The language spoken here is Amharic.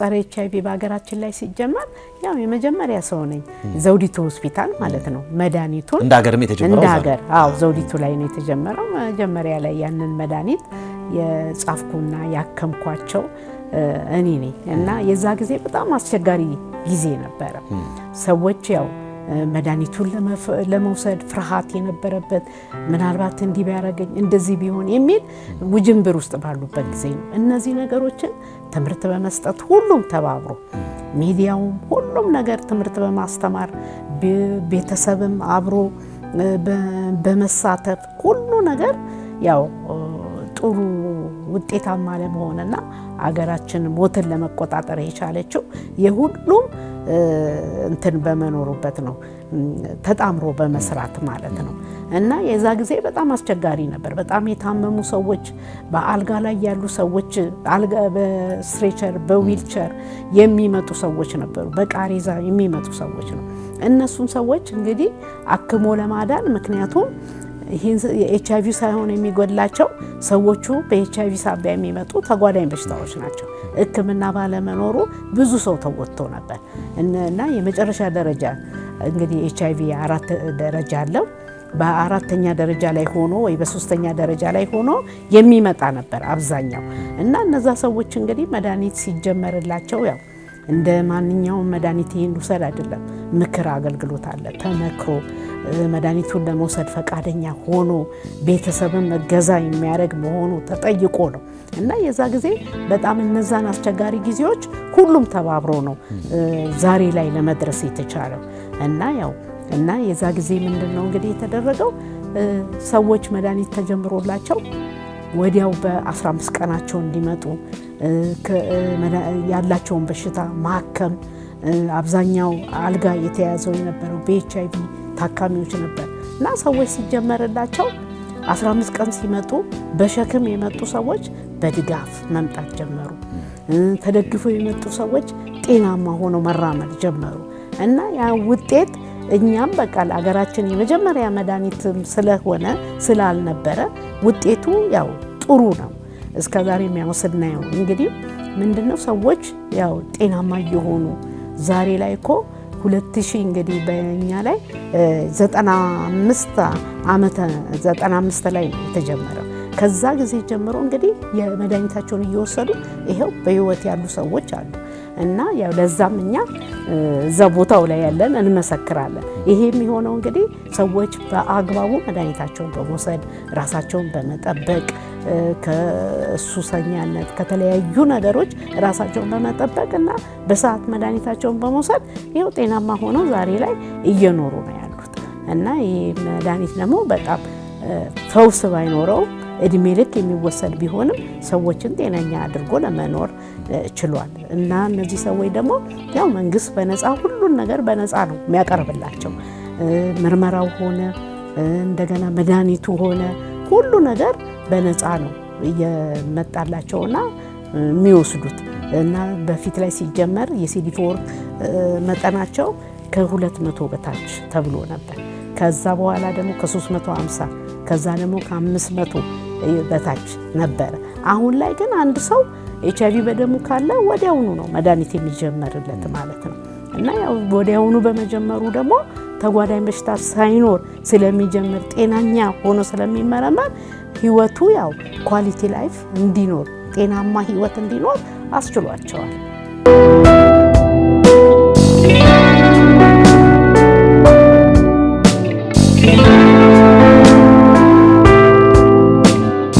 ጸረ ኤች አይቪ በሀገራችን ላይ ሲጀመር ያው የመጀመሪያ ሰው ነኝ ዘውዲቱ ሆስፒታል ማለት ነው። መድኃኒቱን እንደ ሀገርም የተጀመረው እንደ ሀገር አዎ፣ ዘውዲቱ ላይ ነው የተጀመረው። መጀመሪያ ላይ ያንን መድኃኒት የጻፍኩና ያከምኳቸው እኔ ነኝ እና የዛ ጊዜ በጣም አስቸጋሪ ጊዜ ነበረ። ሰዎች ያው መድኃኒቱን ለመውሰድ ፍርሃት የነበረበት ምናልባት እንዲህ ቢያደርገኝ እንደዚህ ቢሆን የሚል ውጅንብር ውስጥ ባሉበት ጊዜ ነው። እነዚህ ነገሮችን ትምህርት በመስጠት ሁሉም ተባብሮ ሚዲያውም፣ ሁሉም ነገር ትምህርት በማስተማር ቤተሰብም አብሮ በመሳተፍ ሁሉ ነገር ያው ጥሩ ውጤታማ ለመሆንና አገራችን ሞትን ለመቆጣጠር የቻለችው የሁሉም እንትን በመኖሩበት ነው፣ ተጣምሮ በመስራት ማለት ነው። እና የዛ ጊዜ በጣም አስቸጋሪ ነበር። በጣም የታመሙ ሰዎች፣ በአልጋ ላይ ያሉ ሰዎች፣ በስትሬቸር በዊልቸር የሚመጡ ሰዎች ነበሩ፣ በቃሬዛ የሚመጡ ሰዎች ነው። እነሱን ሰዎች እንግዲህ አክሞ ለማዳን ምክንያቱም ይህን የኤች አይቪ ሳይሆን የሚጎድላቸው ሰዎቹ በኤች አይቪ ሳቢያ የሚመጡ ተጓዳኝ በሽታዎች ናቸው። ሕክምና ባለመኖሩ ብዙ ሰው ተወጥቶ ነበር እና የመጨረሻ ደረጃ እንግዲህ ኤች አራት ደረጃ አለው። በአራተኛ ደረጃ ላይ ሆኖ ወይ በሶስተኛ ደረጃ ላይ ሆኖ የሚመጣ ነበር አብዛኛው እና እነዛ ሰዎች እንግዲህ መድኃኒት ሲጀመርላቸው ያው እንደ ማንኛውም መድኃኒት ይህን ውሰድ አይደለም፣ ምክር አገልግሎት አለ ተመክሮ መድኃኒቱን ለመውሰድ ፈቃደኛ ሆኖ ቤተሰብን እገዛ የሚያደርግ መሆኑ ተጠይቆ ነው እና የዛ ጊዜ በጣም እነዛን አስቸጋሪ ጊዜዎች ሁሉም ተባብሮ ነው ዛሬ ላይ ለመድረስ የተቻለው እና ያው እና የዛ ጊዜ ምንድን ነው እንግዲህ የተደረገው ሰዎች መድኃኒት ተጀምሮላቸው ወዲያው በ15 ቀናቸው እንዲመጡ ያላቸውን በሽታ ማከም አብዛኛው አልጋ የተያዘው የነበረው በኤች አይቪ ታካሚዎች ነበር እና ሰዎች ሲጀመርላቸው 15 ቀን ሲመጡ በሸክም የመጡ ሰዎች በድጋፍ መምጣት ጀመሩ። ተደግፈው የመጡ ሰዎች ጤናማ ሆነው መራመድ ጀመሩ እና ያ ውጤት እኛም በቃ ለሀገራችን የመጀመሪያ መድኃኒትም ስለሆነ ስላልነበረ ውጤቱ ያው ጥሩ ነው። እስከ ዛሬም ያው ስናየው እንግዲህ ምንድነው ሰዎች ያው ጤናማ እየሆኑ ዛሬ ላይ እኮ ሁለት ሺህ እንግዲህ በእኛ ላይ ዘጠና አምስት ዓመተ ዘጠና አምስት ላይ ነው የተጀመረው ከዛ ጊዜ ጀምሮ እንግዲህ የመድኃኒታቸውን እየወሰዱ ይኸው በህይወት ያሉ ሰዎች አሉ እና ያው ለዛም እኛ እዛ ቦታው ላይ ያለን እንመሰክራለን። ይሄ የሚሆነው እንግዲህ ሰዎች በአግባቡ መድኃኒታቸውን በመውሰድ ራሳቸውን በመጠበቅ ከሱሰኛነት ከተለያዩ ነገሮች ራሳቸውን በመጠበቅ እና በሰዓት መድኃኒታቸውን በመውሰድ ይኸው ጤናማ ሆነው ዛሬ ላይ እየኖሩ ነው ያሉት እና ይህ መድኃኒት ደግሞ በጣም ፈውስ ባይኖረው እድሜ ልክ የሚወሰድ ቢሆንም ሰዎችን ጤነኛ አድርጎ ለመኖር ችሏል እና እነዚህ ሰዎች ደግሞ ያው መንግስት በነፃ ሁሉን ነገር በነፃ ነው የሚያቀርብላቸው። ምርመራው ሆነ እንደገና መድኃኒቱ ሆነ ሁሉ ነገር በነፃ ነው እየመጣላቸውና የሚወስዱት እና በፊት ላይ ሲጀመር የሲዲፎር መጠናቸው ከሁለት መቶ በታች ተብሎ ነበር። ከዛ በኋላ ደግሞ ከ350 ከዛ ደግሞ ከአምስት መቶ በታች ነበረ። አሁን ላይ ግን አንድ ሰው ኤች አይቪ በደሙ ካለ ወዲያውኑ ነው መድኃኒት የሚጀመርለት ማለት ነው እና ወዲያውኑ በመጀመሩ ደግሞ ተጓዳኝ በሽታ ሳይኖር ስለሚጀምር ጤናኛ ሆኖ ስለሚመረመር ህይወቱ ያው ኳሊቲ ላይፍ እንዲኖር ጤናማ ህይወት እንዲኖር አስችሏቸዋል።